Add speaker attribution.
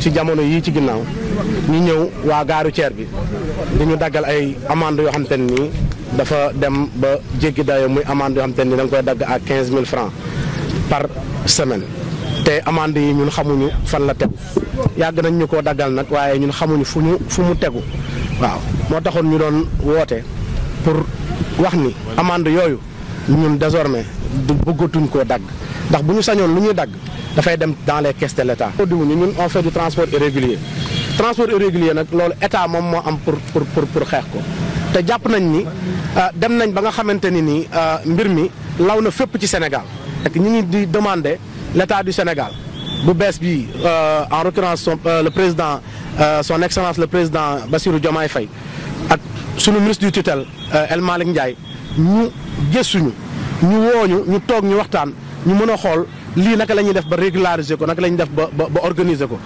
Speaker 1: ci jamono yii ci ginnaaw ñu ñëw waa gaaru ceer bi di ñu daggal ay amende yoo xam te nii dafa dem ba jéggi dayo muy amende yoo xam te nii da koy dagg à quinze mille francs par semaine te amende yi ñun xamuñu fan la tegu yàgg nañ ñu koo daggal nag waaye ñun xamuñu fu ñu fu mu tegu waaw moo taxoon ñu doon woote pour wax ni amende yooyu ñun désormais du bëggatuñ koo dagg ndax bu ñu sañoon lu ñuy dagg dafay dem dans les queste de l'État. ñu ñun on transport irrégulier transport irrégulier nag loolu état moom moo am pour pour pour pour xeex ko te jàpp nañ ni euh, dem nañ ba nga xamante ni nii euh, mbir mi law na fépp ci Sénégal. ak ñu ngi di demander l'État du Sénégal bu bees bi euh, en l'occurrence le président son excellence le président Bassirou Diomaye fay ak sunu ministre du tutelle El Malick Ndiaye ñu gëstuñu ñu wooñu ñu toog ñu waxtaan ñu mën a xool. lii naka la ñuy def ba régulariser ko naka la ñuy def ba ba organiser ko.